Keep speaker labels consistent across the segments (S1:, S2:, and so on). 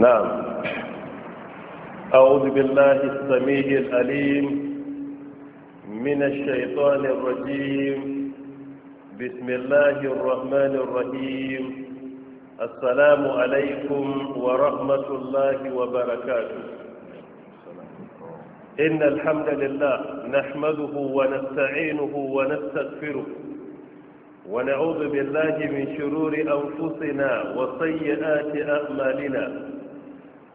S1: نعم أعوذ بالله السميع الأليم من الشيطان الرجيم بسم الله الرحمن الرحيم السلام عليكم ورحمة الله وبركاته إن الحمد لله نحمده ونستعينه ونستغفره ونعوذ بالله من شرور أنفسنا وسيئات أعمالنا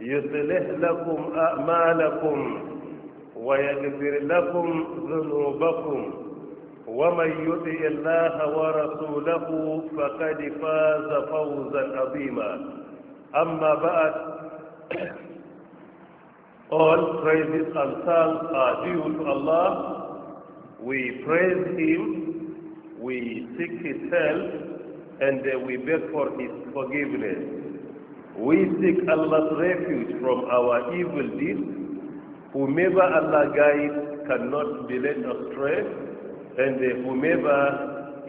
S1: يصلح لكم أعمالكم ويغفر لكم ذنوبكم ومن يطع الله ورسوله فقد فاز فوزا عظيما أما بعد all praises and thanks are due to Allah we praise him we seek his help and we beg for his forgiveness We seek Allah's refuge from our evil deeds. Whomever Allah guides cannot be led astray, and uh, whomever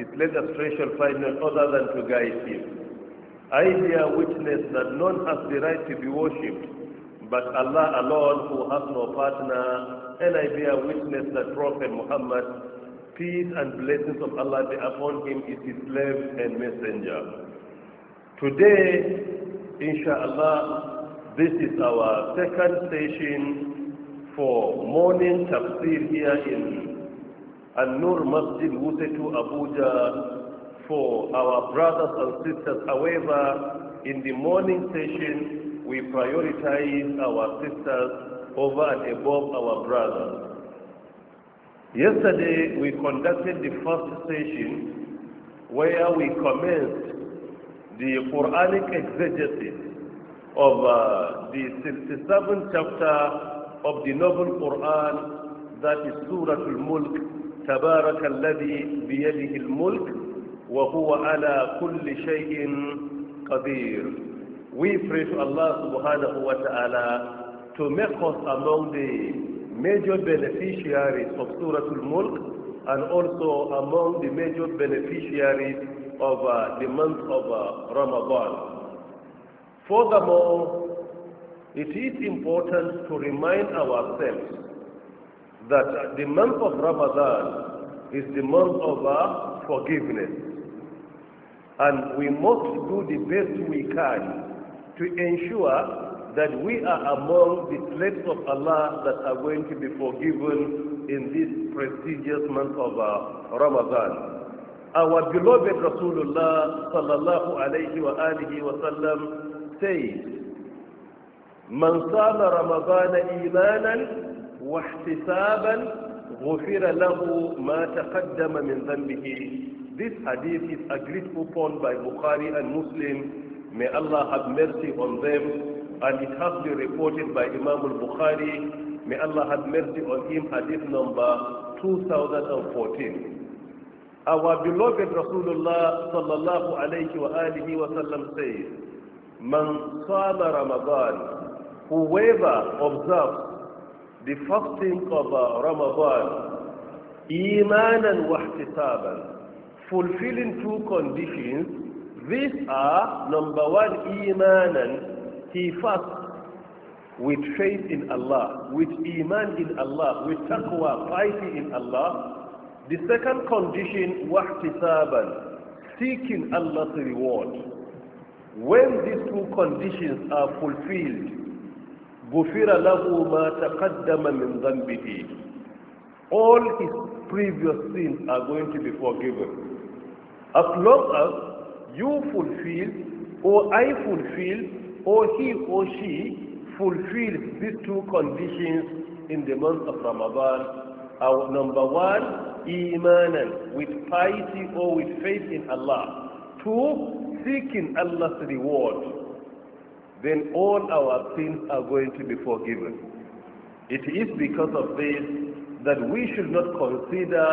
S1: is led astray shall find none other than to guide him. I bear witness that none has the right to be worshipped but Allah alone who has no partner, and I bear witness that Prophet Muhammad, peace and blessings of Allah be upon him, is his slave and messenger. Today, Insha'Allah, this is our second session for morning tafsir here in An-Nur Masjid Wutetu Abuja for our brothers and sisters. However, in the morning session, we prioritize our sisters over and above our brothers. Yesterday, we conducted the first session where we commenced the Quranic exegesis of uh, the 67th chapter of the Noble Quran, that is Surah Al-Mulk, تبارك الذي al-Mulk, وهو ala kulli shayin qadir. We pray to Allah subhanahu wa ta'ala to make us among the major beneficiaries of Surah Al-Mulk and also among the major beneficiaries of uh, the month of uh, Ramadan. Furthermore, it is important to remind ourselves that the month of Ramadan is the month of uh, forgiveness. And we must do the best we can to ensure that we are among the slaves of Allah that are going to be forgiven in this prestigious month of uh, Ramadan. our beloved Rasulullah sallallahu alayhi wa alihi wa sallam says, من صام رمضان إيمانا واحتسابا غفر له ما تقدم min ذنبه This hadith is agreed upon by Bukhari and Muslim. May Allah have mercy on them. And it has been reported by Imam al-Bukhari. May Allah have mercy on him. Hadith number 2014. Our beloved Rasulullah sallallahu alayhi wa alihi wa sallam says, Man sama Ramadan, whoever observes the fasting of uh, Ramadan, imanan wa fulfilling two conditions, these are number one, imanan, he fasts with faith in Allah, with iman in Allah, with taqwa, piety in Allah, the second condition, wahtisaban, seeking Allah's reward. When these two conditions are fulfilled, غفر lahu ما تقدم min ذنبه. All his previous sins are going to be forgiven. As long as you fulfill, or I fulfill, or he or she fulfills these two conditions in the month of Ramadan, our number one, imanan with piety or with faith in Allah. Two, seeking Allah's reward. Then all our sins are going to be forgiven. It is because of this that we should not consider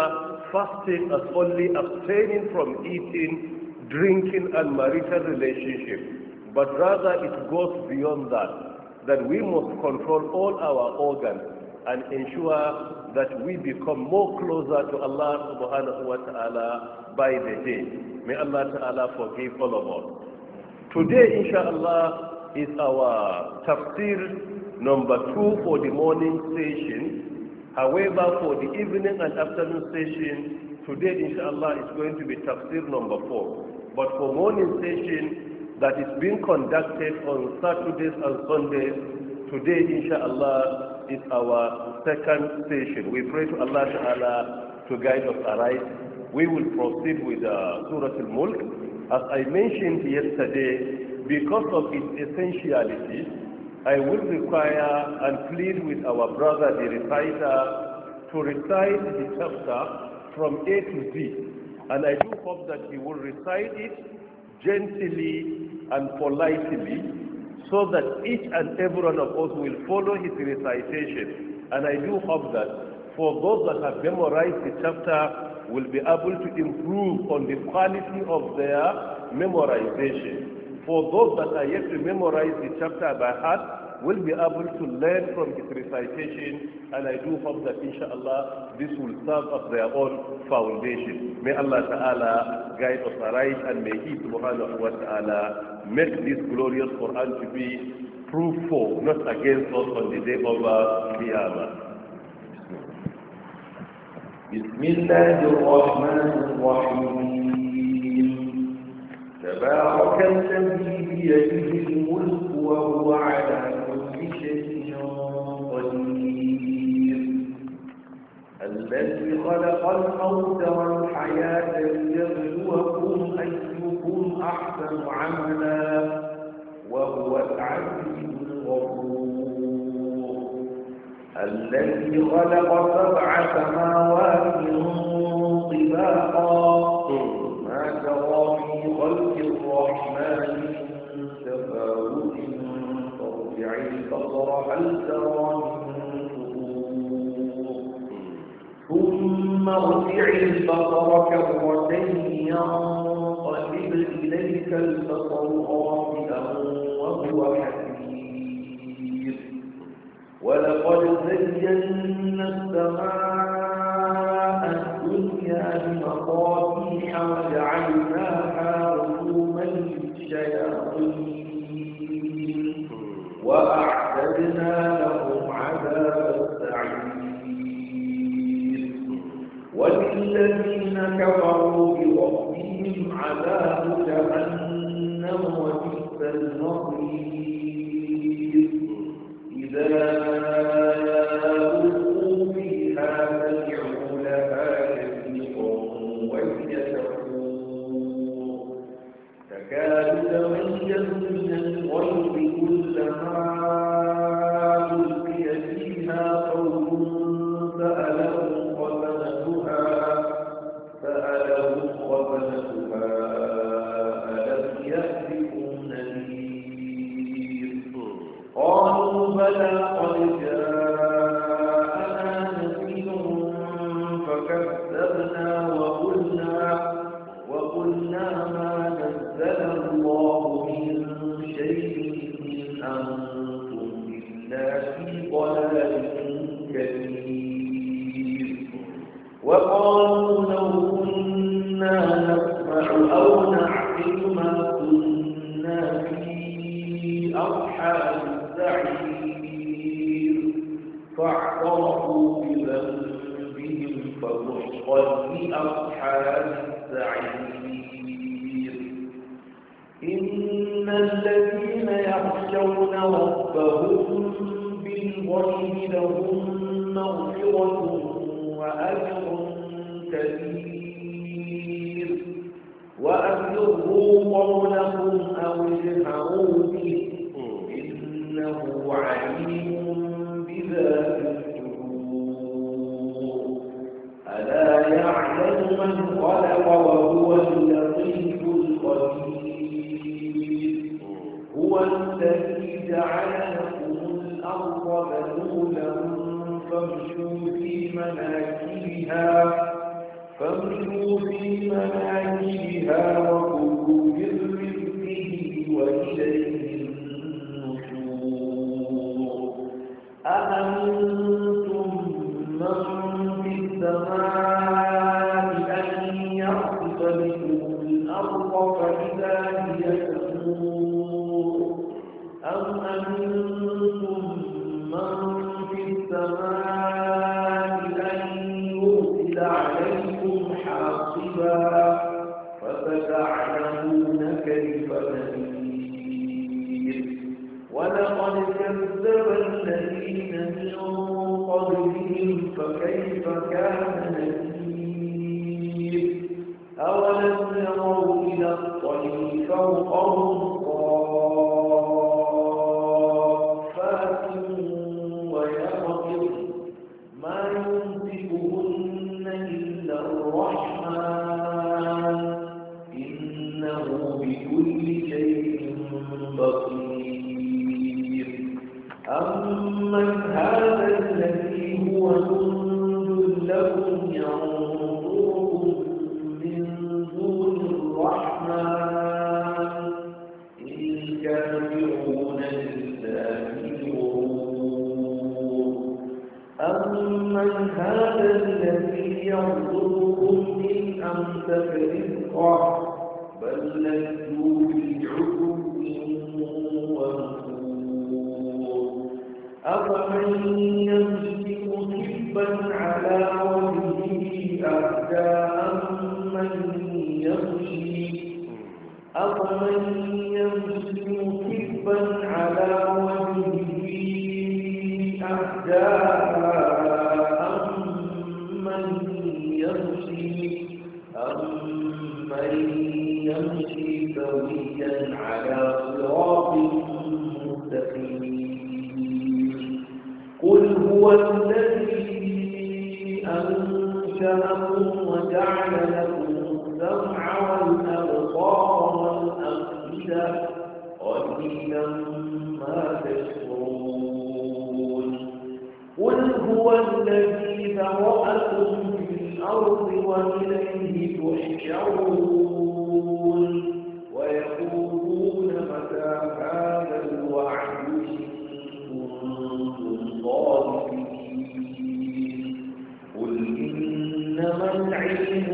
S1: fasting as only abstaining from eating, drinking and marital relationship, but rather it goes beyond that, that we must control all our organs, and ensure that we become more closer to Allah subhanahu wa ta'ala by the day. May Allah ta'ala forgive all of us. Today, inshallah, is our tafsir number two for the morning session. However, for the evening and afternoon session, today, inshallah, is going to be tafsir number four. But for morning session that is being conducted on Saturdays and Sundays, today, inshallah, is our second session. We pray to Allah Ta'ala to guide us aright. We will proceed with uh, Surah Al-Mulk. As I mentioned yesterday, because of its essentiality, I will require and plead with our brother, the reciter, to recite the chapter from A to Z. And I do hope that he will recite it gently and politely so that each and every one of us will follow his recitation. And I do hope that for those that have memorized the chapter will be able to improve on the quality of their memorization. For those that are yet to memorize the chapter by heart, will be able to learn from his recitation and I do hope that inshallah this will serve as their own foundation. May Allah Ta'ala guide us aright and may He Subhanahu wa Ta'ala make this glorious Quran to be proof for, not against us on the day of Qiyamah.
S2: بسم الله الرحمن الرحيم تبارك الذي بيده الملك وهو على خلق الموت والحياة ليبلوكم أيكم أحسن عملا وهو العزيز الغفور الذي خلق سبع سماوات طباقا ثم ارجع كرتين إليك وهو ولقد زينا السماء إلا ما نزل الله من أصحاب السعير إن الذين يخشون ربهم بالغيب لهم مغفرة وأجر كبير وأسروا قولهم أو اجهروا به إنه عليم بذات ألا يعلم من خلق وهو اللطيف الخبير هو الذي جعل لكم الأرض ذنولا فامشوا في مناكبها فامشوا في مناكبها وكلوا من رزقه وإليه النشور أأمنتم فكيف كان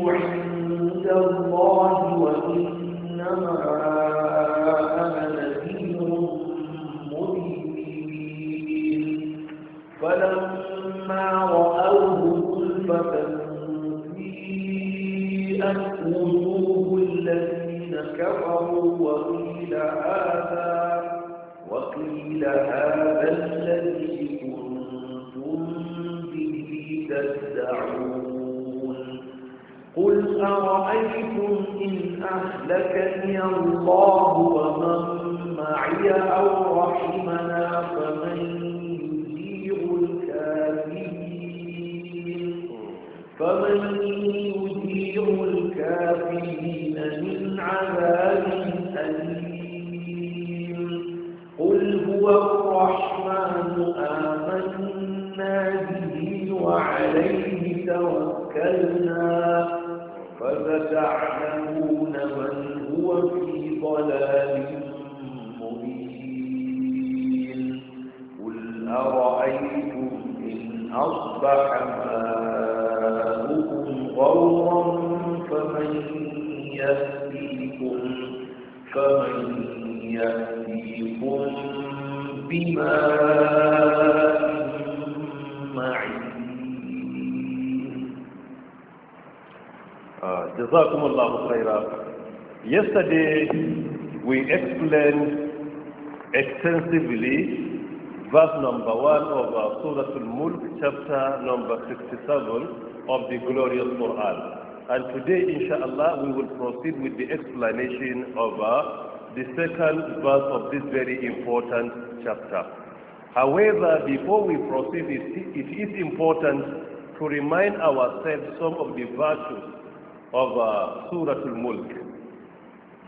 S2: force
S1: learned extensively verse number 1 of Surah Al-Mulk, chapter number 67 of the glorious Quran. And today, inshallah, we will proceed with the explanation of uh, the second verse of this very important chapter. However, before we proceed, it is important to remind ourselves some of the virtues of uh, Surah Al-Mulk.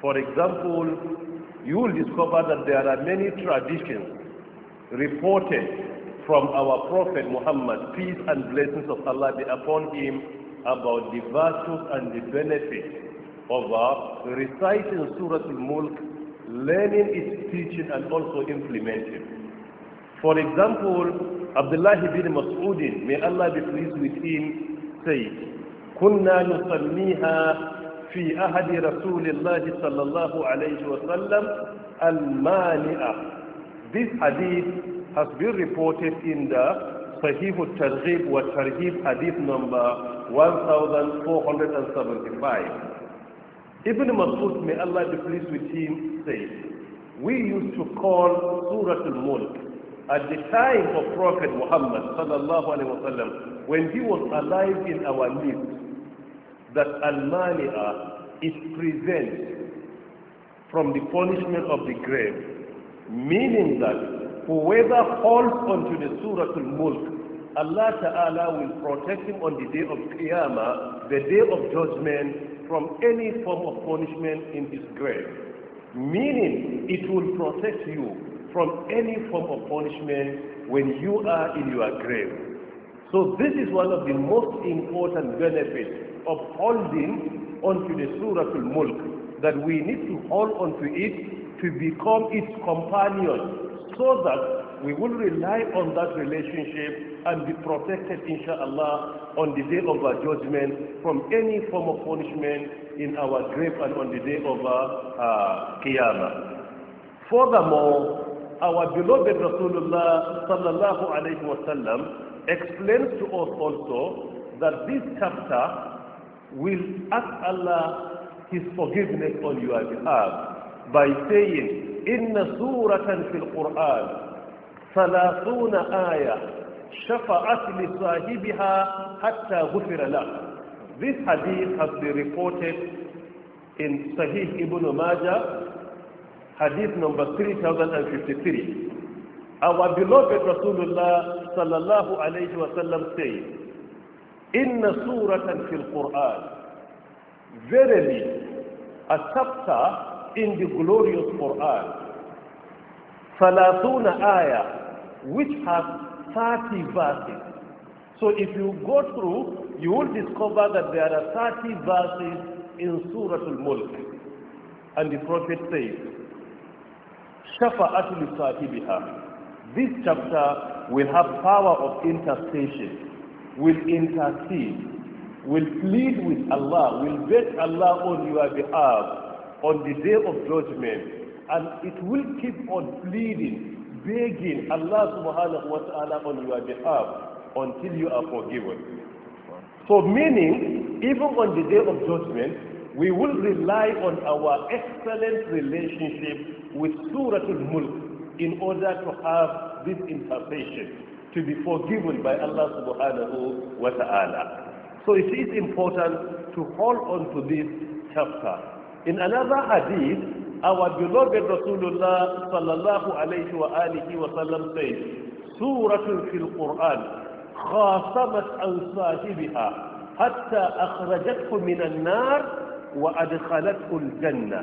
S1: For example, you will discover that there are many traditions reported from our Prophet Muhammad, peace and blessings of Allah be upon him, about the virtues and the benefits of reciting Surah Al-Mulk, learning its teaching and also implementing. For example, Abdullah ibn Mas'udin, may Allah be pleased with him, said, كنا نسميها في أهد رسول الله صلى الله عليه وسلم This hadith has been reported in the Sahih al-Targhib wa tarhib hadith number 1475. Ibn Masud, may Allah be pleased with him, said we used to call Surah Al-Mulk at the time of Prophet Muhammad sallallahu alaihi wa sallam, when he was alive in our midst, that al-mani'a is present from the punishment of the grave, meaning that whoever falls onto the Surah al-Mulk, Allah Ta'ala will protect him on the day of Qiyamah, the day of judgment, from any form of punishment in his grave. Meaning, it will protect you from any form of punishment when you are in your grave. So this is one of the most important benefits upholding onto the Surah Al-Mulk, that we need to hold onto it to become its companion, so that we will rely on that relationship and be protected, inshallah, on the day of our judgment from any form of punishment in our grave and on the day of our uh, uh, Qiyamah. Furthermore, our beloved Rasulullah sallallahu alayhi wasallam explains to us also that this chapter will ask Allah His forgiveness on your behalf by saying, Inna suratan fil Quran, ثلاثون آية شفعت لصاحبها حتى غفر له. This hadith has been reported in Sahih Ibn Majah, hadith number 3053. Our beloved Rasulullah sallallahu alayhi wa sallam says, Inna suratan al Quran. Verily, a chapter in the glorious Quran. Salatuna ayah, which has 30 verses. So if you go through, you will discover that there are 30 verses in Surah Al-Mulk. And the Prophet says, "Shafa'atul li This chapter will have power of intercession will intercede, will plead with Allah, will beg Allah on your behalf on the day of judgment. And it will keep on pleading, begging Allah subhanahu wa ta'ala on your behalf until you are forgiven. So meaning, even on the day of judgment, we will rely on our excellent relationship with Surah Al-Mulk in order to have this intercession. to be forgiven by Allah subhanahu wa ta'ala. So it is important to hold on to this chapter. In another hadith, our beloved Rasulullah sallallahu alayhi wa alihi wa sallam says, سورة في القرآن خاصمت عن صاحبها حتى أخرجته من النار وأدخلته الجنة.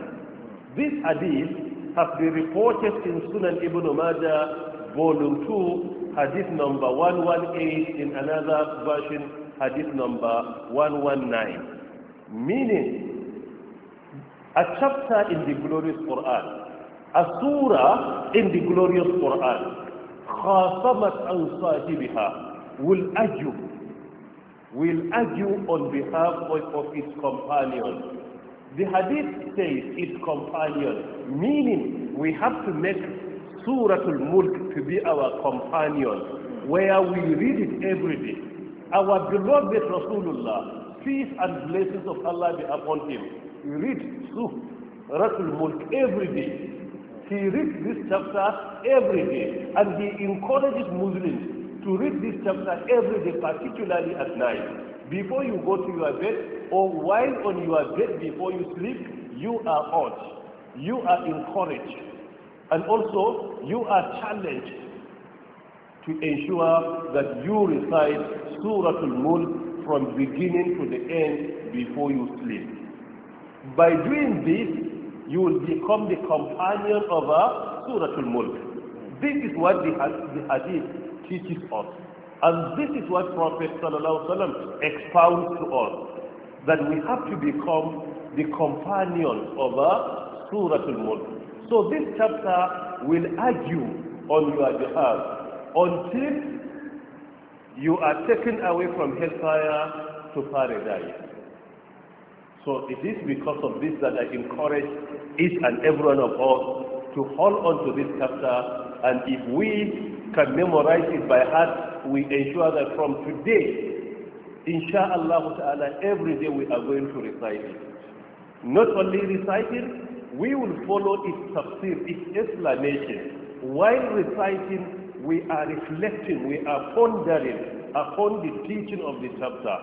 S1: This hadith has been reported in Sunan Ibn Majah, volume 2, hadith number 118, in another version, hadith number 119. Meaning, a chapter in the glorious Quran, a surah in the glorious Quran, خاصمت عن صاحبها will argue will argue on behalf of, of its companion. The hadith says its companion, meaning we have to make Suratul Mulk to be our companion, where we read it every day. Our beloved Rasulullah, peace and blessings of Allah be upon him. We read Suratul Mulk every day. He reads this chapter every day, and he encourages Muslims to read this chapter every day, particularly at night. Before you go to your bed, or while on your bed before you sleep, you are urged, you are encouraged and also, you are challenged to ensure that you recite Surah Al-Mulk from beginning to the end before you sleep. By doing this, you will become the companion of a Surah Al-Mulk. This is what the, hadith teaches us. And this is what Prophet ﷺ expounds to us, that we have to become the companion of a Surah Al-Mulk. So this chapter will argue on your behalf until you are taken away from hellfire to paradise. So it is because of this that I encourage each and every one of us to hold on to this chapter and if we can memorize it by heart, we ensure that from today, inshallah ta'ala, every day we are going to recite it. Not only recite it, we will follow its tafsir, its explanation. While reciting, we are reflecting, we are pondering upon the teaching of the chapter.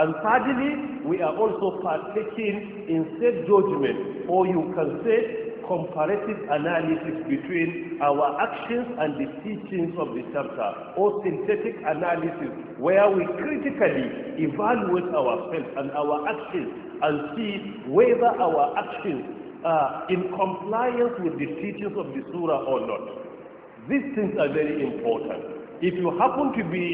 S1: And thirdly, we are also partaking in self judgment, or you can say comparative analysis between our actions and the teachings of the chapter, or synthetic analysis, where we critically evaluate ourselves and our actions and see whether our actions uh, in compliance with the teachings of the surah or not. These things are very important. If you happen to be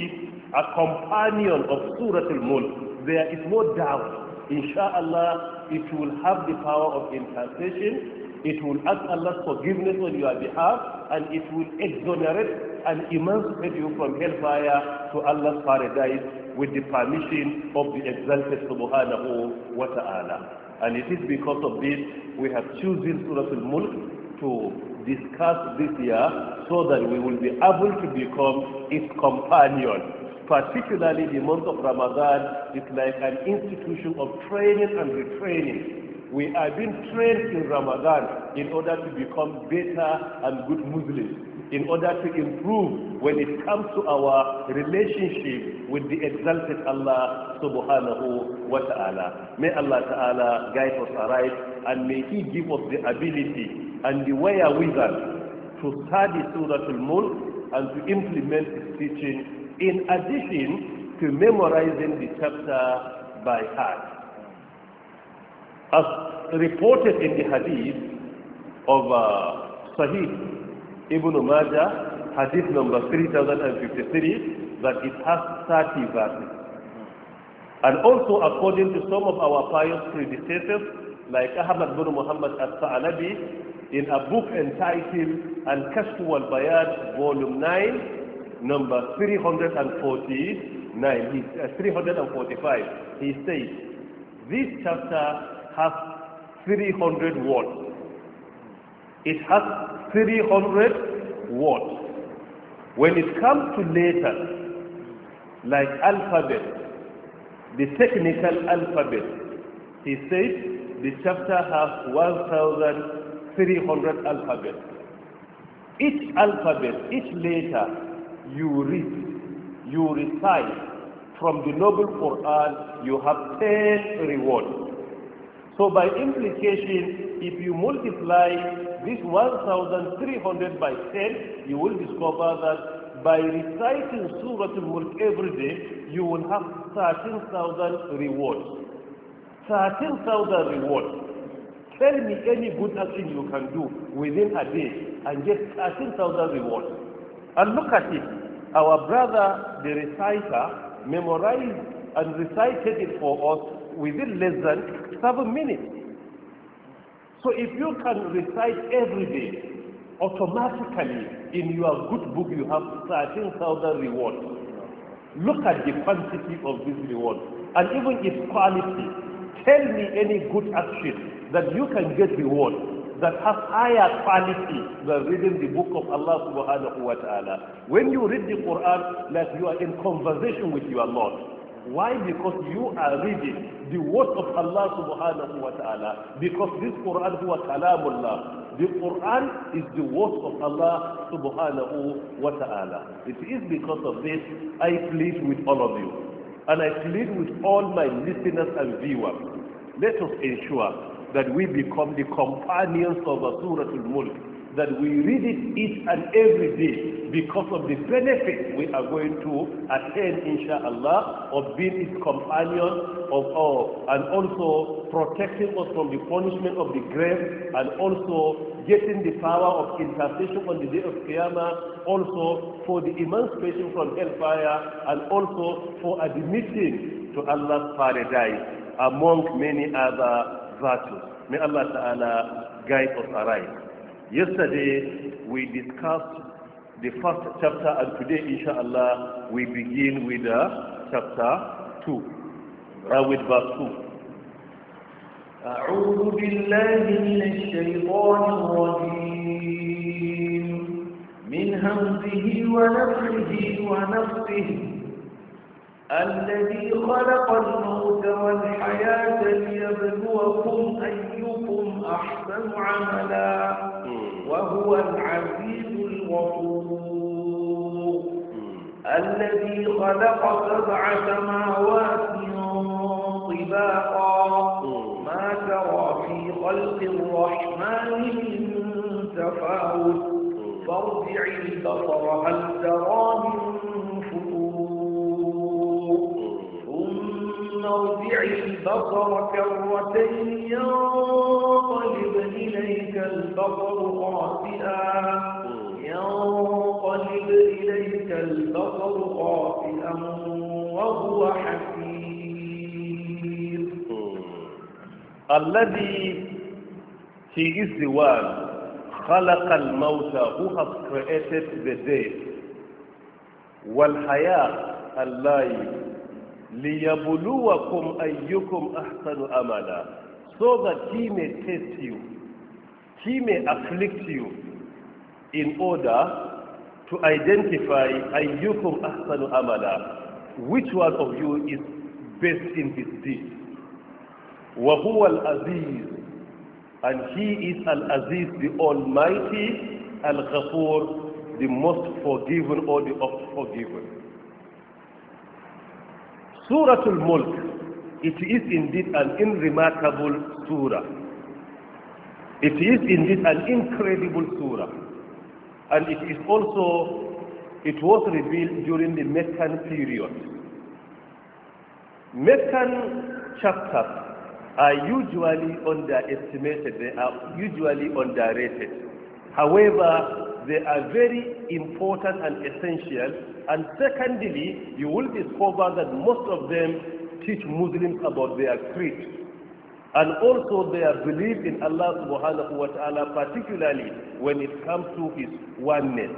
S1: a companion of Surah Al-Mulk, there is no doubt, inshallah, it will have the power of intercession, it will ask Allah's forgiveness on your behalf, and it will exonerate and emancipate you from hellfire to Allah's paradise with the permission of the exalted subhanahu wa ta'ala. And it is because of this we have chosen Surah Al-Mulk to discuss this year so that we will be able to become its companion. Particularly the month of Ramadan is like an institution of training and retraining. We are being trained in Ramadan in order to become better and good Muslims in order to improve when it comes to our relationship with the exalted Allah subhanahu wa ta'ala. May Allah ta'ala guide us aright and may He give us the ability and the way wizard to study Surah Al-Mulk and to implement His teaching in addition to memorizing the chapter by heart. As reported in the hadith of uh, Sahih Ibn Majah, hadith number 3053, that it has 30 verses. And also according to some of our pious predecessors, like Ahmad bin Muhammad al-Sa'alabi, in a book entitled Al-Kashf al bayan volume 9, number 349, he, uh, 345, he says, this chapter has 300 words. It has 300 words. When it comes to letters, like alphabet, the technical alphabet, he says the chapter has 1,300 alphabets. Each alphabet, each letter you read, you recite from the noble Quran, you have 10 rewards. So by implication, if you multiply this 1,300 by 10, you will discover that by reciting Surah Al-Mulk every day, you will have 13,000 rewards. 13,000 rewards. Tell me any good action you can do within a day and get 13,000 rewards. And look at it. Our brother, the reciter, memorized and recited it for us within less than seven minutes. So if you can recite every day, automatically in your good book you have 13,000 rewards. Look at the quantity of this reward and even its quality. Tell me any good action that you can get reward that has higher quality than reading the book of Allah subhanahu wa ta'ala. When you read the Quran, like you are in conversation with your Lord. Why? Because you are reading the word of Allah subhanahu wa ta'ala. Because this Quran huwa kalamullah. The Quran is the word of Allah subhanahu wa ta'ala. It is because of this I plead with all of you. And I plead with all my listeners and viewers. Let us ensure that we become the companions of Surah Al-Mulk that we read it each and every day because of the benefit we are going to attain, inshallah, of being its companion of all, and also protecting us from the punishment of the grave, and also getting the power of intercession on the day of Qiyamah, also for the emancipation from hellfire, and also for admitting to Allah's paradise, among many other virtues. May Allah Ta'ala guide us aright. Yesterday, we discussed the first chapter, and today, inshallah, we begin with uh, chapter 2, uh, with verse 2.
S2: أعوذ بالله من الشيطان الرجيم من همزه ونفسه ونفسه الذي خلق الموت والحياة ليبلوكم أيكم أحسن عملا وهو العزيز الغفور الذي خلق سبع سماوات طباقا ما ترى في خلق الرحمن من تفاوت فارجع البصر هل ترى من البصر كرتين ينقلب إليك البصر خاسئا ينقلب إليك البصر خاسئا وهو حكيم
S1: الذي في الزوال خلق الموت who has created the dead والحياة life liyabluwakum ayyukum ahsanu amala so that he may test you he may afflict you in order to identify ayyukum ahsanu amala which one of you is best in his deed wa huwa al-aziz and he is al-aziz the almighty al-ghafur the most forgiven or the oft forgiven Suratul Mulk, it is indeed an unremarkable surah. It is indeed an incredible surah. And it is also, it was revealed during the Meccan period. Meccan chapters are usually underestimated, they are usually underrated. However, they are very important and essential and secondly, you will discover that most of them teach Muslims about their creed and also their belief in Allah subhanahu wa ta'ala, particularly when it comes to His oneness.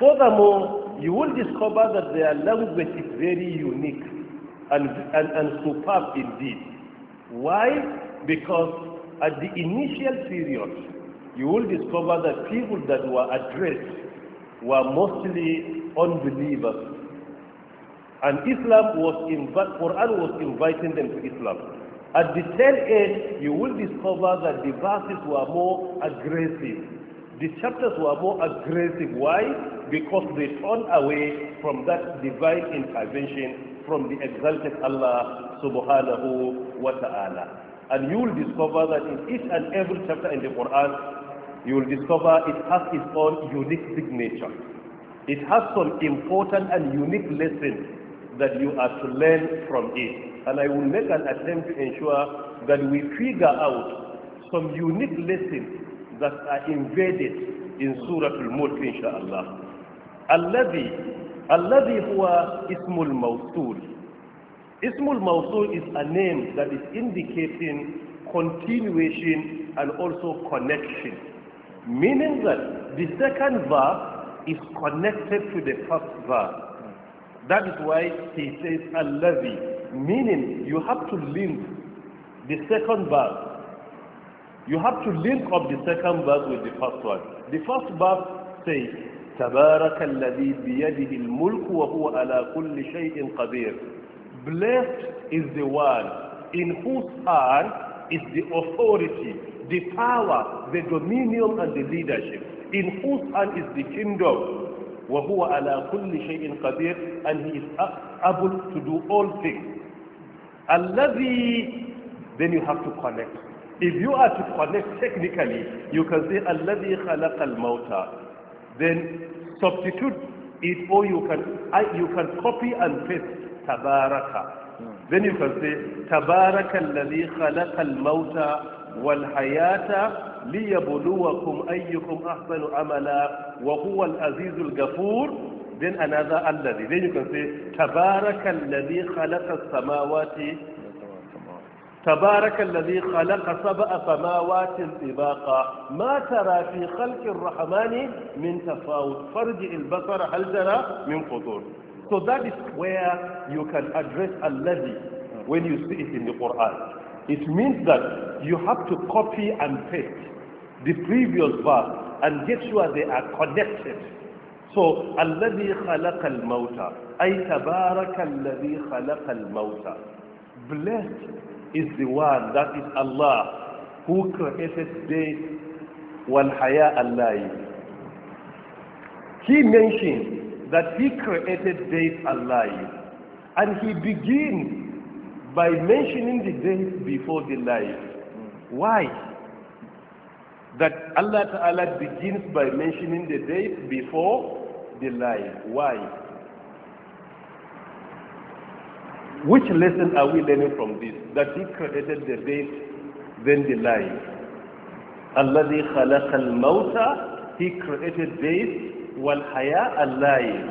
S1: Furthermore, you will discover that their language is very unique and, and, and superb indeed. Why? Because at the initial period, you will discover that people that were addressed were mostly unbelievers. And Islam was, inv- Quran was inviting them to Islam. At the tail end, you will discover that the verses were more aggressive. The chapters were more aggressive. Why? Because they turned away from that divine intervention from the exalted Allah subhanahu wa ta'ala. And you will discover that in each and every chapter in the Quran, you will discover it has its own unique signature. It has some important and unique lessons that you are to learn from it. And I will make an attempt to ensure that we figure out some unique lessons that are embedded in Surah Al-Mulk, inshaAllah. al الذي هو Ismul الموصول Ismul الموصول is a name that is indicating continuation and also connection Meaning that the second verse is connected to the first verse. That is why he says Allāhi, meaning you have to link the second verse. You have to link up the second verse with the first one. The first verse says, تبارك الذي بيده الملك وهو على كل شيء قدير. Blessed is the one in whose hand is the authority the power, the dominion, and the leadership. In whose hand is the kingdom? وَهُوَ عَلَىٰ كُلِّ شَيْءٍ قَدِيرٍ And he is able to do all things. الَّذِي Then you have to connect. If you are to connect technically, you can say الَّذِي خَلَقَ الْمَوْتَى Then substitute it or you can, you can copy and paste تَبَارَكَ hmm. Then you can say تَبَارَكَ الَّذِي خَلَقَ الْمَوْتَى wal hayata liyabluwakum ayyukum ahsanu amala wa huwa al-azizul ghafur then another alladhi then you can say tabarakal ladhi khalaqa as-samawati تبارك الذي خلق سبع سماوات طباقا ما ترى في خلق الرحمن من تفاوت فرج البصر هل ترى من فطور so that is where you can address الذي when you see it in the Quran It means that you have to copy and paste the previous verse and get sure they are connected. So, الذي خلق الموت أي تبارك الذي خلق الموت Blessed is the one that is Allah who created death والحياة alive. He mentioned that He created death alive and He begins by mentioning the days before the life. Why? That Allah Ta'ala begins by mentioning the days before the life. Why? Which lesson are we learning from this? That He created the days, then the life. الذي خلق الموت He created death والحياة alive.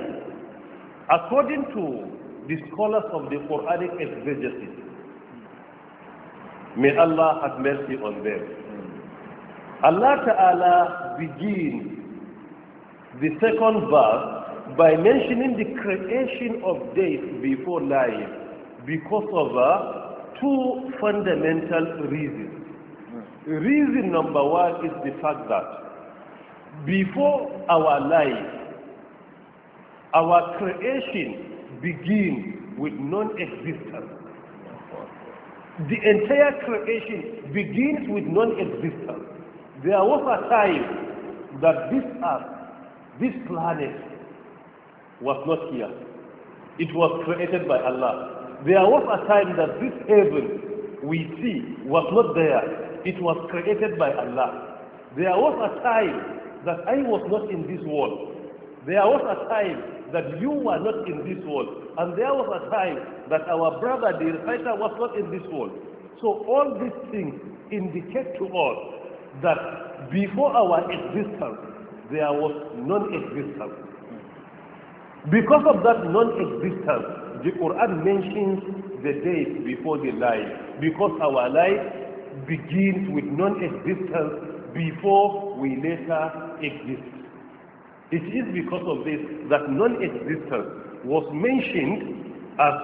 S1: According to the scholars of the Quranic exegesis. May Allah have mercy on them. Allah Ta'ala begins the second verse by mentioning the creation of days before life because of uh, two fundamental reasons. Reason number one is the fact that before our life, our creation begin with non-existence. The entire creation begins with non-existence. There was a time that this earth, this planet, was not here. It was created by Allah. There was a time that this heaven we see was not there. It was created by Allah. There was a time that I was not in this world. There was a time that you were not in this world. And there was a time that our brother, the reciter, was not in this world. So all these things indicate to us that before our existence, there was non-existence. Because of that non-existence, the Quran mentions the days before the life, because our life begins with non-existence before we later exist. It is because of this that non-existence was mentioned as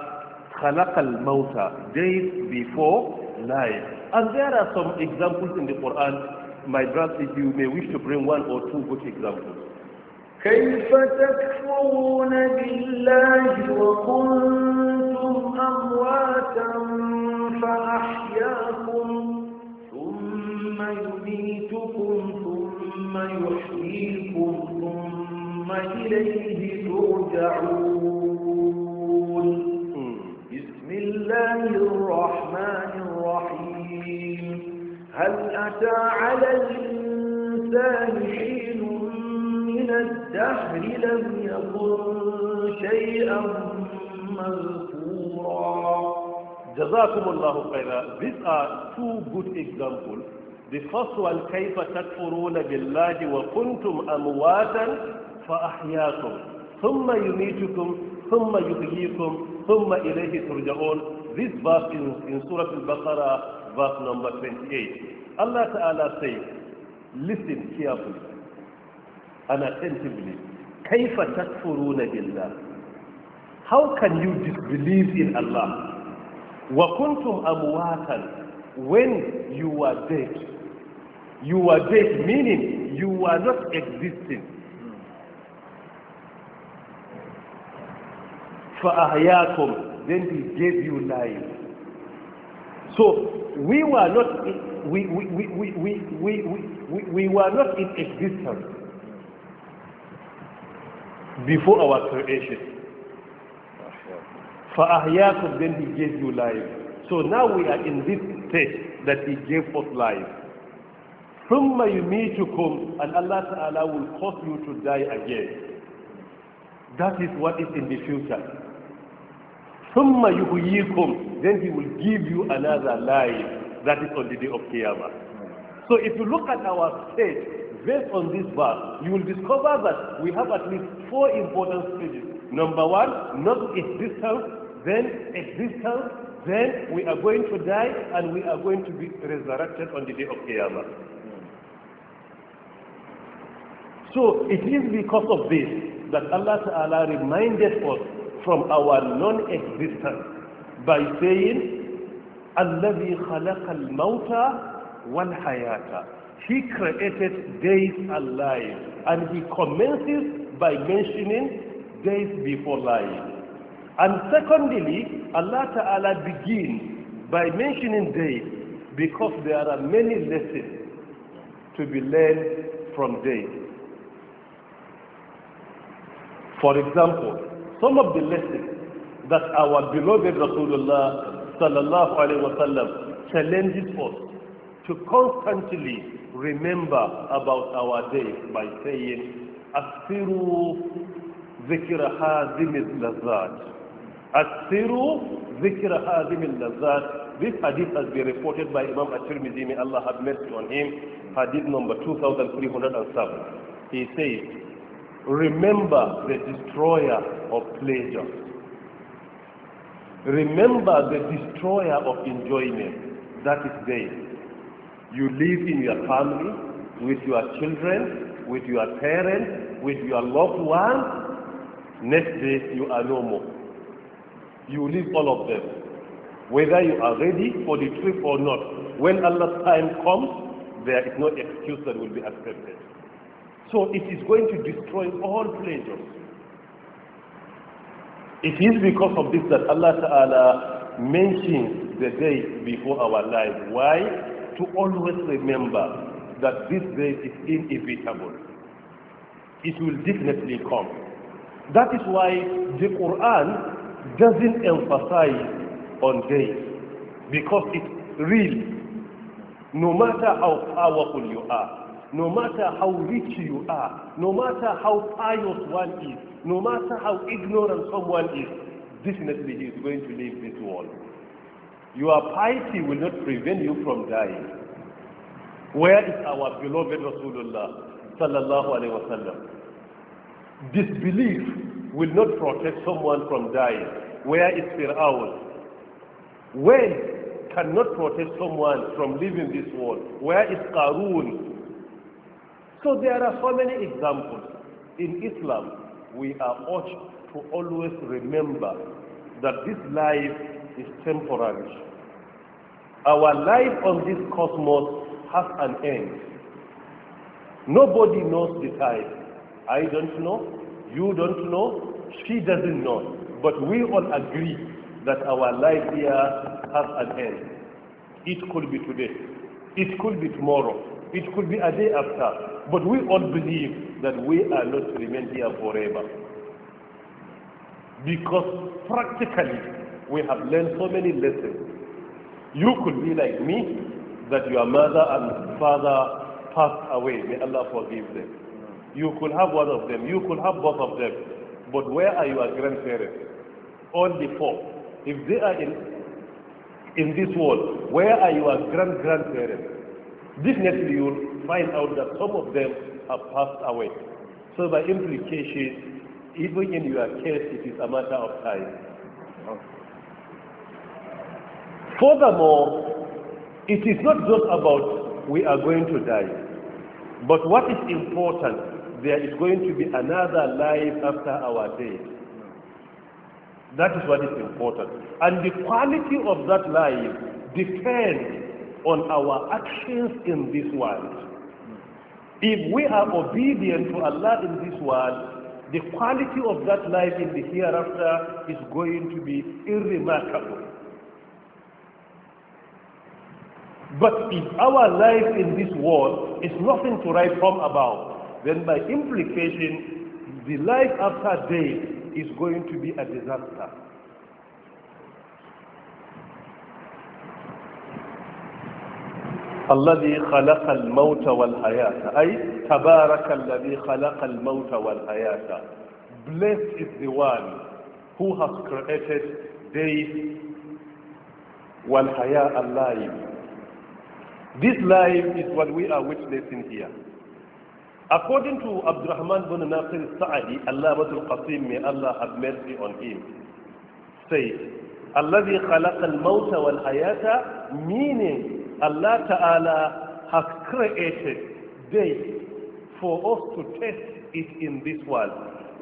S1: khalaq al days before life. And there are some examples in the Quran. My if you may wish to bring one or two good examples.
S2: كيف تكفرون بالله وكنتم أمواتا فأحياكم ثم يميتكم ثم يحييكم إليه ترجعون بسم الله الرحمن الرحيم هل أتى على الإنسان حين من الدهر لم يكن شيئا مذكورا
S1: جزاكم الله خيرا These are two good examples The first one كيف تكفرون بالله وكنتم أمواتا فأحياكم ثم يميتكم ثم يحييكم ثم إليه ترجعون This verse in, in Surah Al-Baqarah verse number 28 Allah Ta'ala says listen carefully and attentively كيف تكفرون بالله How can you disbelieve in Allah وكنتم أمواتا when you were dead you were dead meaning you were not existing فَأَحْيَاكُمْ Then he gave you life. So we were not in, we, we, we, we, we, we, we, were not in existence before our creation. فَأَحْيَاكُمْ Then he gave you life. So now we are in this state that He gave us life. From you to come, and Allah Ta'ala will cause you to die again. That is what is in the future. ثم يحييكم then he will give you another life that is on the day of Qiyamah so if you look at our state based on this verse you will discover that we have at least four important stages number one not existence then existence then we are going to die and we are going to be resurrected on the day of Qiyamah so it is because of this that Allah Ta'ala reminded us from our non-existence by saying, الَّذِي خَلَقَ الْمَوْتَ hayata He created days and life. And he commences by mentioning days before life. And secondly, Allah Ta'ala begins by mentioning days because there are many lessons to be learned from days. For example, some of the lessons that our beloved Rasulullah sallallahu alaihi wasallam challenges us to constantly remember about our day by saying asiru ذكر هازم اللذات asiru ذكر هازم اللذات this hadith has been reported by Imam At-Tirmidhi, may Allah have mercy on him, hadith number 2307. He says, Remember the destroyer of pleasure. Remember the destroyer of enjoyment. That is death. You live in your family, with your children, with your parents, with your loved ones. Next day, you are no more. You leave all of them. Whether you are ready for the trip or not, when Allah's time comes, there is no excuse that will be accepted. So it is going to destroy all pleasures. It is because of this that Allah Ta'ala mentions the day before our life. Why? To always remember that this day is inevitable. It will definitely come. That is why the Quran doesn't emphasize on days because it's real. No matter how powerful you are, no matter how rich you are, no matter how pious one is, no matter how ignorant someone is, definitely he is going to leave this world. Your piety will not prevent you from dying. Where is our beloved Rasulullah sallallahu alaihi wasallam? Disbelief will not protect someone from dying. Where is Fir'aun? When cannot protect someone from leaving this world? Where is Karun? So there are so many examples. In Islam, we are urged to always remember that this life is temporary. Our life on this cosmos has an end. Nobody knows the time. I don't know. You don't know. She doesn't know. But we all agree that our life here has an end. It could be today. It could be tomorrow. It could be a day after. But we all believe that we are not to remain here forever. Because practically, we have learned so many lessons. You could be like me, that your mother and father passed away. May Allah forgive them. You could have one of them. You could have both of them. But where are your grandparents? Only four. If they are in, in this world, where are your grand-grandparents? Definitely you will find out that some of them have passed away. So by implication, even in your case, it is a matter of time. Furthermore, it is not just about we are going to die, but what is important, there is going to be another life after our death. That is what is important. And the quality of that life depends on our actions in this world. If we are obedient to Allah in this world, the quality of that life in the hereafter is going to be irremarkable. But if our life in this world is nothing to write home about, then by implication, the life after death is going to be a disaster. الذي خلق الموت والحياة أي تبارك الذي خلق الموت والحياة Blessed is the one who has created death والحياة and life This life is what we are witnessing here According to Abdurrahman bin Nasir Sa'adi, Allah Batul Qasim, may Allah have mercy on him, say الذي خلق الموت والحياة meaning Allah Ta'ala has created day for us to test it in this world.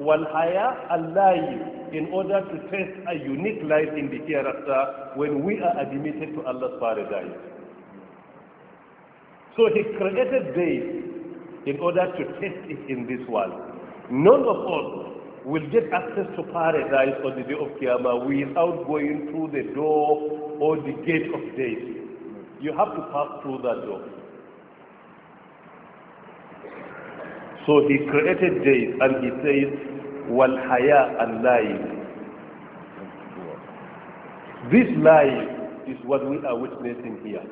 S1: Walhaya Allah in order to test a unique life in the hereafter when we are admitted to Allah's paradise. So he created days in order to test it in this world. None of us will get access to paradise on the day of Qiyamah without going through the door or the gate of death you have to pass through that door. So he created days and he says, "One higher and lying. This life is what we are witnessing here.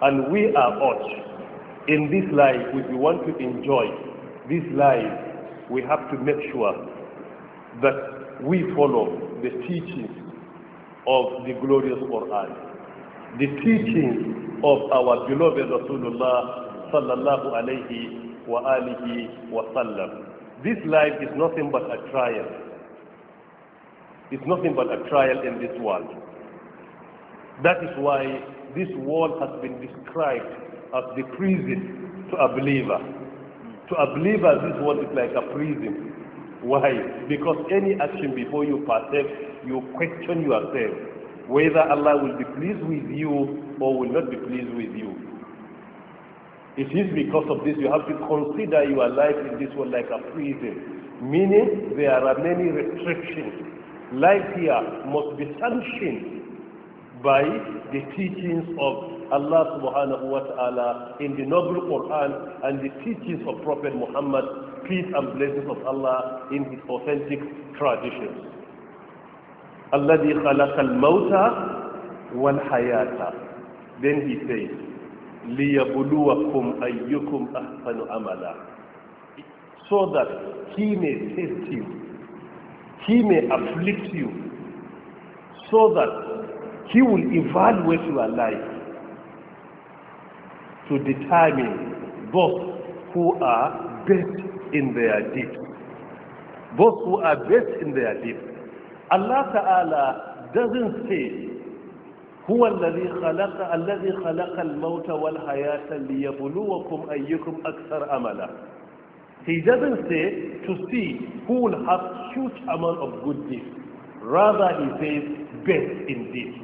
S1: And we are urged in this life, if we want to enjoy this life, we have to make sure that we follow the teachings of the glorious Quran the teaching of our beloved Rasulullah sallallahu alayhi wa alihi wa sallam. This life is nothing but a trial. It's nothing but a trial in this world. That is why this world has been described as the prison to a believer. To a believer, this world is like a prison. Why? Because any action before you partake, you question yourself whether Allah will be pleased with you or will not be pleased with you. It is because of this you have to consider your life in this world like a prison, meaning there are many restrictions. Life here must be sanctioned by the teachings of Allah subhanahu wa ta'ala in the noble Quran and the teachings of Prophet Muhammad, peace and blessings of Allah in his authentic traditions. alladhi khalaqal mauta wal hayata then he says liyabluwakum ayyukum ahsanu amala so that he may test you he may afflict you so that he will evaluate your life to determine both who are best in their deeds both who are best in their deeds Allah Ta'ala doesn't say, هو الذي خلق الذي خلق الموت والحياة ليبلوكم أيكم أكثر أملا He doesn't say to see who will have huge amount of good deeds. Rather he says best indeed.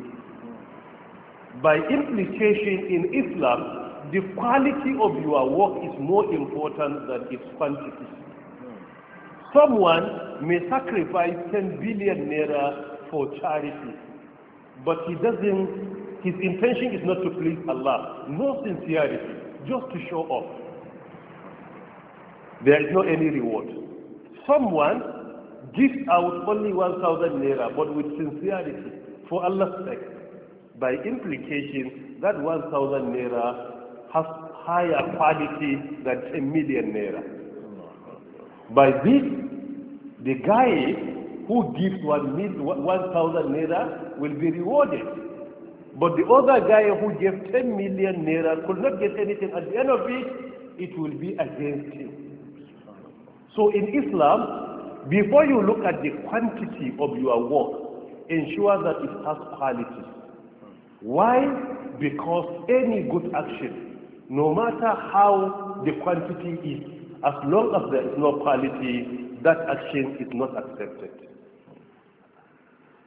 S1: By implication in Islam, the quality of your work is more important than its quantity. Someone may sacrifice 10 billion naira for charity, but he doesn't, his intention is not to please Allah. No sincerity, just to show off. There is no any reward. Someone gives out only 1,000 naira, but with sincerity, for Allah's sake. By implication, that 1,000 naira has higher quality than a million naira. By this, the guy who gives one, 1,000 naira will be rewarded. But the other guy who gave 10 million naira could not get anything. At the end of it, it will be against him. So in Islam, before you look at the quantity of your work, ensure that it has quality. Why? Because any good action, no matter how the quantity is, as long as there is no quality, that action is not accepted.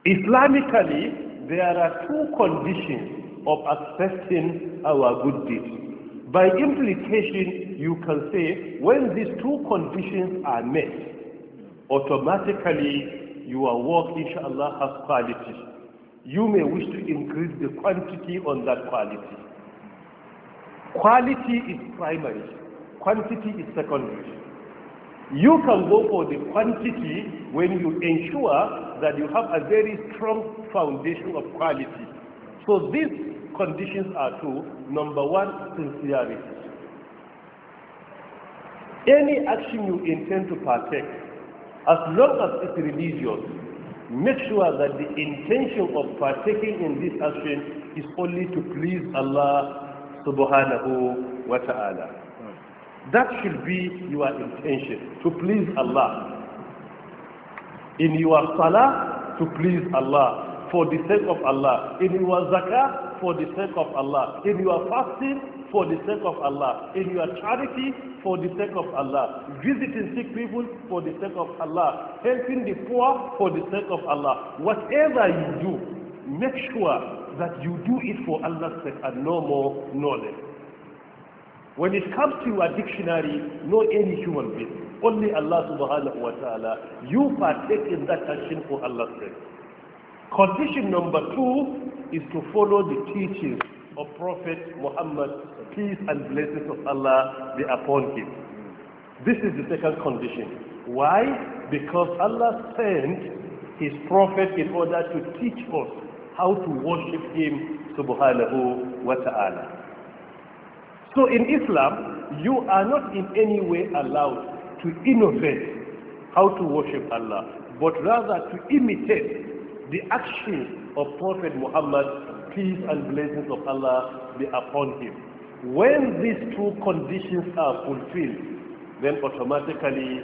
S1: Islamically, there are two conditions of accepting our good deeds. By implication, you can say when these two conditions are met, automatically your work, inshallah, has quality. You may wish to increase the quantity on that quality. Quality is primary quantity is secondary. You can go for the quantity when you ensure that you have a very strong foundation of quality. So these conditions are two. Number one, sincerity. Any action you intend to partake, as long as it's religious, make sure that the intention of partaking in this action is only to please Allah subhanahu wa ta'ala. That should be your intention to please Allah. In your salah, to please Allah, for the sake of Allah. In your zakah, for the sake of Allah. In your fasting, for the sake of Allah. In your charity, for the sake of Allah. Visiting sick people, for the sake of Allah. Helping the poor, for the sake of Allah. Whatever you do, make sure that you do it for Allah's sake and no more, no less. When it comes to a dictionary, not any human being, only Allah subhanahu wa ta'ala, you partake in that action for Allah's sake. Condition number two is to follow the teachings of Prophet Muhammad, peace and blessings of Allah be upon him. This is the second condition. Why? Because Allah sent His Prophet in order to teach us how to worship Him subhanahu wa ta'ala. So in Islam, you are not in any way allowed to innovate how to worship Allah, but rather to imitate the actions of Prophet Muhammad, peace and blessings of Allah be upon him. When these two conditions are fulfilled, then automatically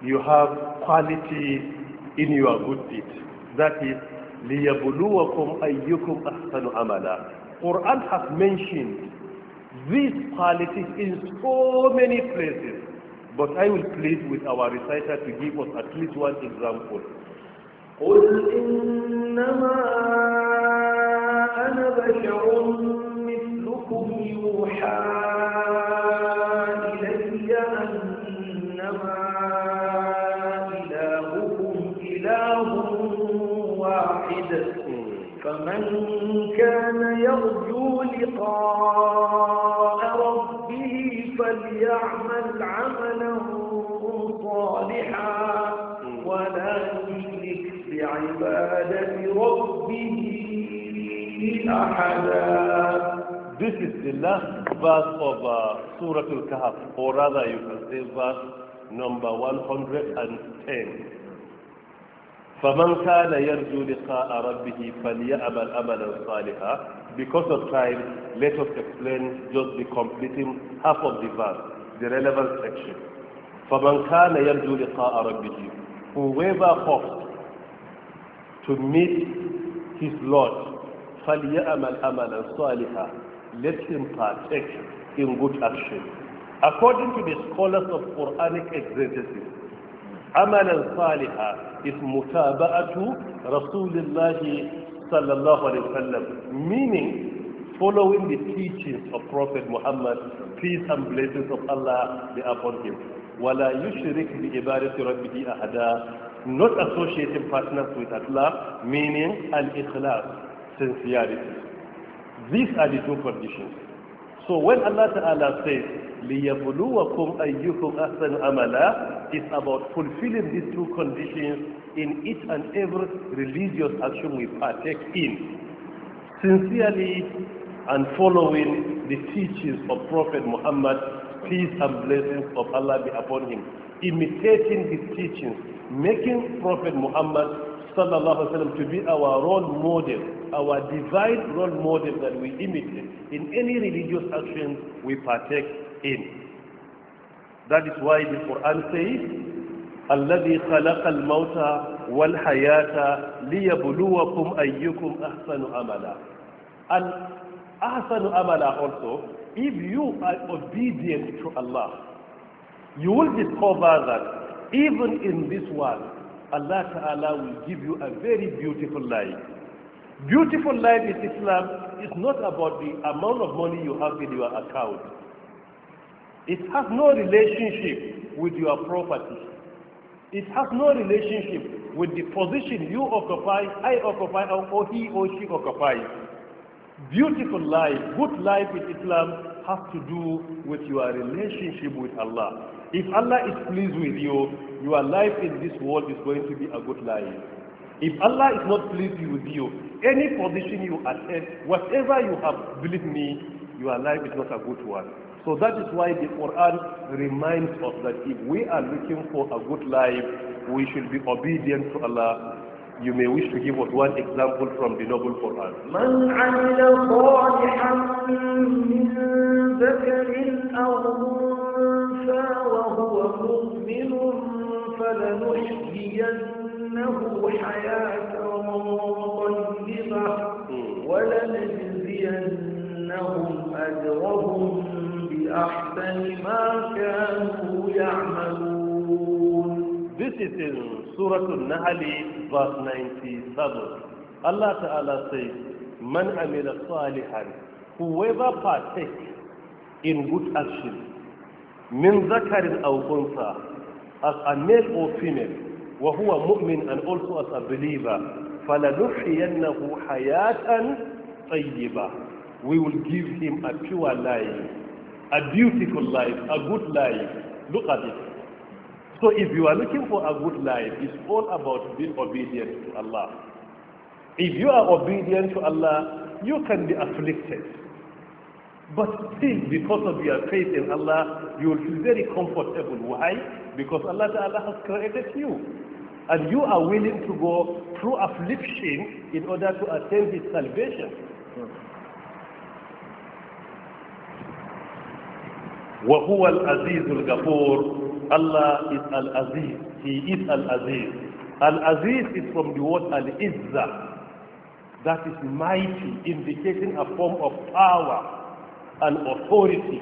S1: you have quality in your good deeds. That is, لِيَبْلُوَكُمْ أَيُّكُمْ أَحْسَنُ أَحْسَنُ أَمْلَأَ. Quran has mentioned these qualities in so many places. But I will plead with our reciter to give us at least one example.
S2: قل إنما أنا بشر مثلكم يوحى إلي أنما إلهكم إله واحد فمن كان يرجو لقاء يعمل عمله صالحا ولا يشرك بعبادة ربه أحدا
S1: This is the last verse of uh, Surah Al-Kahf, or rather you can say verse number 110. فمن كان يرجو لقاء ربه فليعمل عملا صالحا Because of time, let us explain just the completing half of the verse, the relevant section. فَمَنْ كَانَ يَرْجُو لِقَاءَ رَبِّهِ Whoever hopes to meet his Lord, فَلْيَأْمَلْ أَمَلًا صَالِحًا Let him partake in good action. According to the scholars of Quranic exegesis, أَمَلًا صَالِحًا is مُتَابَأَةُ رَسُولِ اللَّهِ sallallahu alaihi wasallam, meaning following the teachings of Prophet Muhammad, peace and blessings of Allah be upon him. وَلَا يُشْرِكْ بِعِبَادَةِ رَبِّهِ أَحَدًا Not associating partners with Allah, meaning al-ikhlas, sincerity. These are the two conditions. So when Allah Ta'ala says, لِيَبْلُوَكُمْ أَيُّكُمْ أَحْسَنُ أَمَلًا It's about fulfilling these two conditions in each and every religious action we partake in, sincerely and following the teachings of Prophet Muhammad, peace and blessings of Allah be upon him, imitating his teachings, making Prophet Muhammad sallallahu wasallam to be our role model, our divine role model that we imitate in any religious action we partake in. That is why the Quran says, alladhi khalaqa al-mauta wal hayata liyabluwakum ayyukum ahsanu amala al ahsanu amala also if you are obedient to Allah you will discover that even in this world Allah Ta'ala will give you a very beautiful life beautiful life in Islam is not about the amount of money you have in your account it has no relationship with your property It has no relationship with the position you occupy, I occupy, or he or she occupies. Beautiful life, good life in Islam has to do with your relationship with Allah. If Allah is pleased with you, your life in this world is going to be a good life. If Allah is not pleased with you, any position you attain, whatever you have, believe me, your life is not a good one. So that is why the Quran reminds us that if we are looking for a good life, we should be obedient to Allah. You may wish to give us one example from the Noble Quran.
S2: ولنجزينهم أجرهم بأحسن ما كانوا يعملون This is in Surah Al-Nahl verse
S1: Allah Ta'ala sai Man amila salihan Whoever partakes in good action min zakarin aw as a male or female wa huwa mu'min and also as a believer falanuhyiyannahu hayatan tayyiba we will give him a pure life a beautiful life, a good life. Look at it. So if you are looking for a good life, it's all about being obedient to Allah. If you are obedient to Allah, you can be afflicted. But still, because of your faith in Allah, you will feel very comfortable. Why? Because Allah Ta'ala has created you. And you are willing to go through affliction in order to attain His salvation. wa huwa al-azizul ghafur Allah is al-aziz he is al-aziz al-aziz is from the word al-izza that is mighty indicating a form of power and authority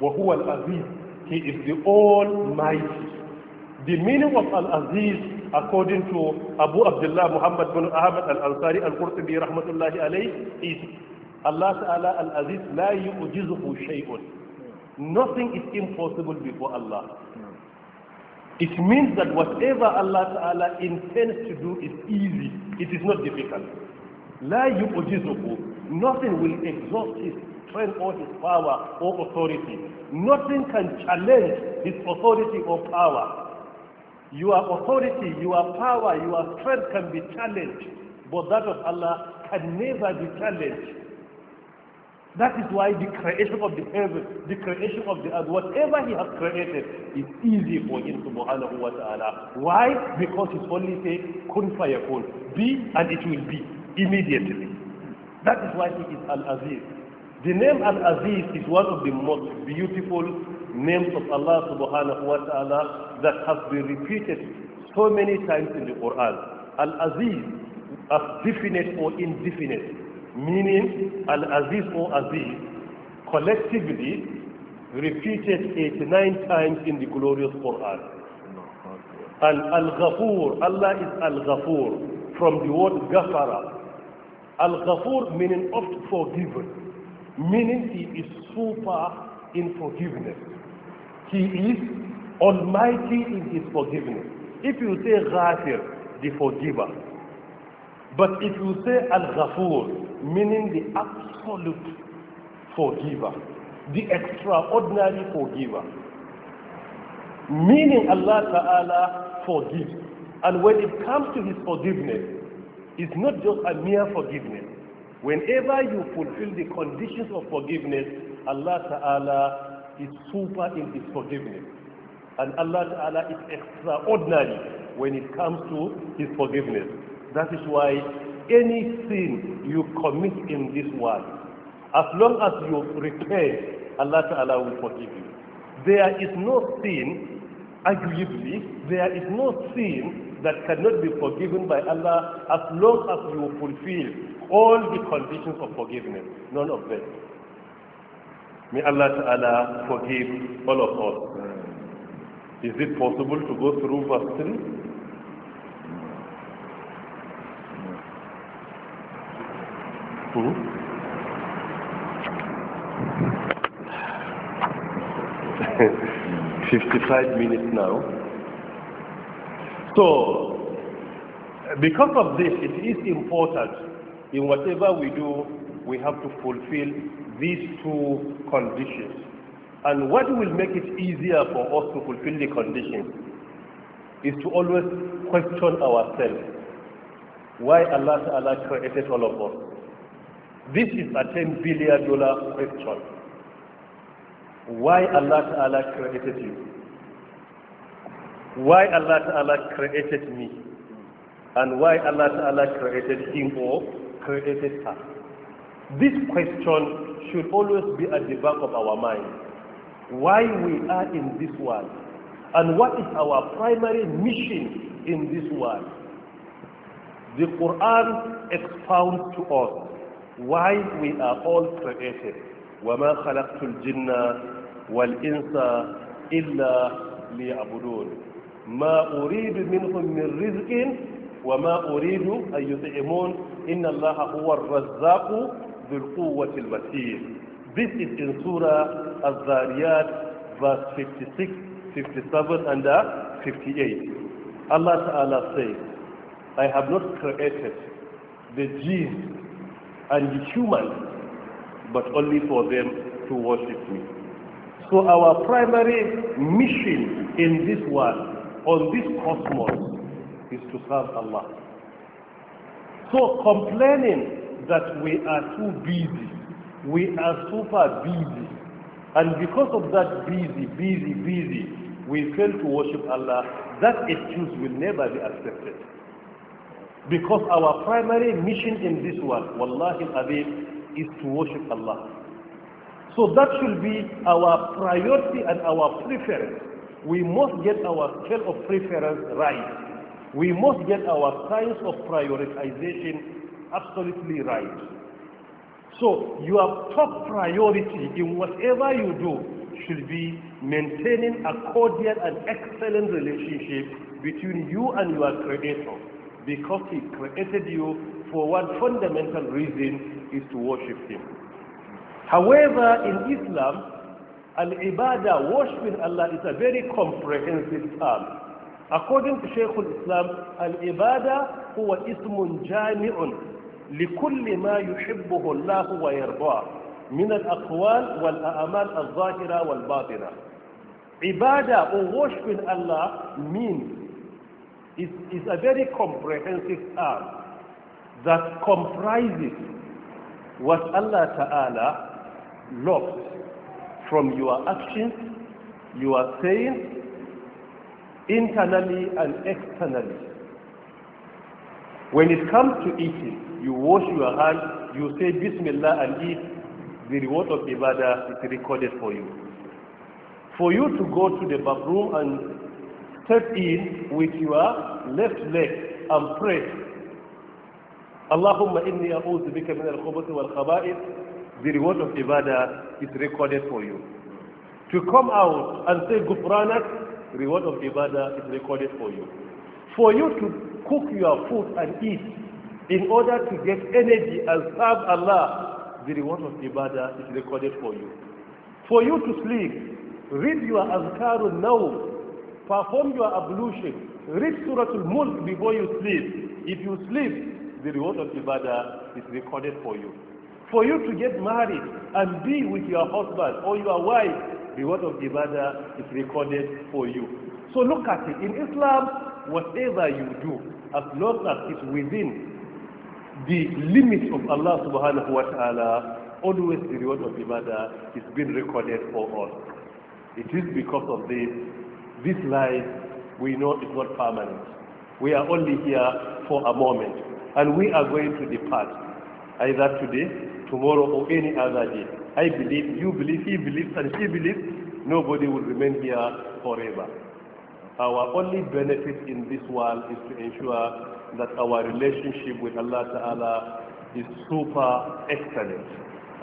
S1: wa huwa al-aziz he is the all mighty the meaning of al-aziz according to Abu Abdullah Muhammad bin Ahmad al-Ansari al-Qurtubi rahmatullahi alayh is Allah ta'ala al-Aziz la yu'jizuhu shay'un Nothing is impossible before Allah. It means that whatever Allah Ta'ala intends to do is easy. It is not difficult. La yu'jizuhu. Nothing will exhaust his strength or his power or authority. Nothing can challenge his authority or power. Your authority, your power, your strength can be challenged, but that of Allah can never be challenged that is why the creation of the heaven, the creation of the earth, whatever he has created, is easy for him subhanahu wa ta'ala. Why? Because it's only say, kun fayakun, be and it will be, immediately. That is why he is Al-Aziz. The name Al-Aziz is one of the most beautiful names of Allah subhanahu wa ta'ala that has been repeated so many times in the Quran. Al-Aziz as definite or indefinite meaning Al-Aziz or Aziz, collectively repeated 89 times in the glorious Quran. And Al-Ghafur, Allah is Al-Ghafur, from the word Ghafara. Al-Ghafur meaning oft forgiven, meaning He is super in forgiveness. He is almighty in His forgiveness. If you say Ghafir, the forgiver, but if you say Al-Ghafur, meaning the absolute forgiver, the extraordinary forgiver, meaning Allah Ta'ala forgives. And when it comes to His forgiveness, it's not just a mere forgiveness. Whenever you fulfill the conditions of forgiveness, Allah Ta'ala is super in His forgiveness. And Allah Ta'ala is extraordinary when it comes to His forgiveness. That is why any sin you commit in this world, as long as you repent, Allah Ta'ala will forgive you. There is no sin, arguably, there is no sin that cannot be forgiven by Allah as long as you fulfill all the conditions of forgiveness, none of them. May Allah Ta'ala forgive all of us. Is it possible to go through verse 3? school. Fifty-five minutes now. So, because of this, it is important in whatever we do, we have to fulfill these two conditions. And what will make it easier for us to fulfill the conditions is to always question ourselves why Allah Ta'ala created all of us. This is a $10 billion question. Why Allah Ta'ala created you? Why Allah Ta'ala created me? And why Allah Ta'ala created him or created her? This question should always be at the back of our mind. Why we are in this world? And what is our primary mission in this world? The Quran expounds to us why we are all created wa ma khalaqtul jinna wal insa illa liya'budun ma uridu minhum min rizqin wama uridu an yut'imun inna allaha huwa ar-razzaq dhul quwwati al-matin this is in surah az-zariyat verse 56 57 and 58 uh, allah ta'ala says i have not created the jinn and human, but only for them to worship me. So our primary mission in this world, on this cosmos, is to serve Allah. So complaining that we are too busy, we are super busy, and because of that busy, busy, busy, we fail to worship Allah, that excuse will never be accepted. Because our primary mission in this world, wallahi al is to worship Allah. So that should be our priority and our preference. We must get our scale of preference right. We must get our science of prioritization absolutely right. So your top priority in whatever you do should be maintaining a cordial and excellent relationship between you and your creator. because he created you for one fundamental reason is to worship him. However, in Islam, al-ibadah, worshiping Allah is a very comprehensive term. According to Shaykh al-Islam, al-ibadah huwa ismun jami'un لكل ما يحبه الله ويرضاه من الأقوال والأعمال الظاهرة والباطنة. Ibada or worshiping Allah means is, is a very comprehensive act that comprises what Allah Ta'ala loves from your actions, your saying, internally and externally. When it comes to eating, you wash your hands, you say Bismillah and eat, the reward of Ibadah is recorded for you. For you to go to the bathroom and step in with your left leg and pray. Allahumma inni a'udhu bika min al-khubuthi wal khaba'ith. The reward of ibadah is recorded for you. To come out and say The reward of ibadah is recorded for you. For you to cook your food and eat in order to get energy and serve Allah, the reward of ibadah is recorded for you. For you to sleep, read your azkarun nawm Perform your ablution. Read Surah Al-Mulk before you sleep. If you sleep, the reward of Ibadah is recorded for you. For you to get married and be with your husband or your wife, the reward of Ibadah is recorded for you. So look at it. In Islam, whatever you do, as long as it's within the limits of Allah subhanahu wa ta'ala, always the reward of ibadah is being recorded for us. It is because of this this life, we know is not permanent. We are only here for a moment. And we are going to depart, either today, tomorrow, or any other day. I believe, you believe, he believes, and she believes, nobody will remain here forever. Our only benefit in this world is to ensure that our relationship with Allah Ta'ala is super excellent.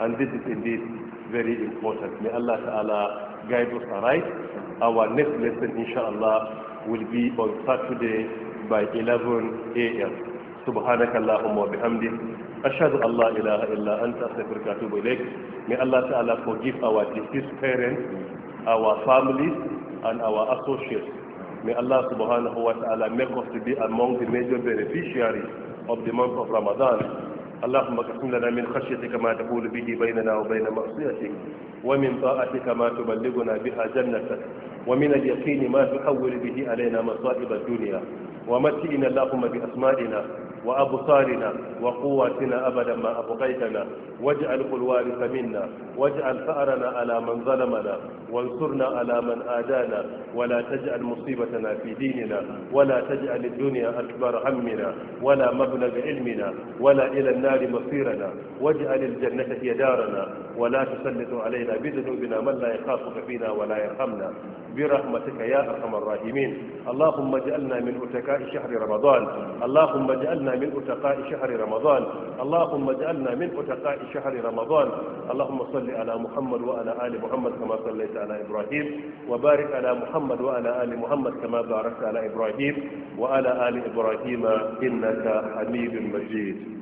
S1: And this is indeed very important. May Allah Ta'ala guide us aright. Our next lesson, inshallah, will be on Saturday by 11 a.m. wa bihamdi وبحمدك أشهد أن لا إله إلا أنت أستغفرك وأتوب إليك May Allah Ta'ala forgive our deceased parents, our families, and our associates. May Allah Subhanahu wa Ta'ala make us to be among the major beneficiaries of the month of Ramadan. اللهم اقسم لنا من خشيتك ما تقول به بيننا وبين معصيتك ومن طاعتك ما تبلغنا بها جنتك ومن اليقين ما تحول به علينا مصائب الدنيا ومتئنا اللهم بأسمائنا وأبصارنا وقواتنا أبدا ما أبقيتنا واجعله الوارث منا واجعل ثأرنا على من ظلمنا وانصرنا على من آدانا ولا تجعل مصيبتنا في ديننا ولا تجعل الدنيا أكبر همنا ولا مبلغ علمنا ولا إلى النار مصيرنا واجعل الجنة هي دارنا ولا تسلط علينا بذنوبنا من لا يخافك فينا ولا يرحمنا برحمتك يا أرحم الراحمين اللهم اجعلنا من أتقاء شهر رمضان اللهم اجعلنا من أتقاء شهر رمضان اللهم اجعلنا من أتقاء شهر رمضان اللهم صل على محمد وعلى آل محمد كما صليت على إبراهيم وبارك على محمد وعلى آل محمد كما باركت على إبراهيم وعلى آل إبراهيم إنك حميد مجيد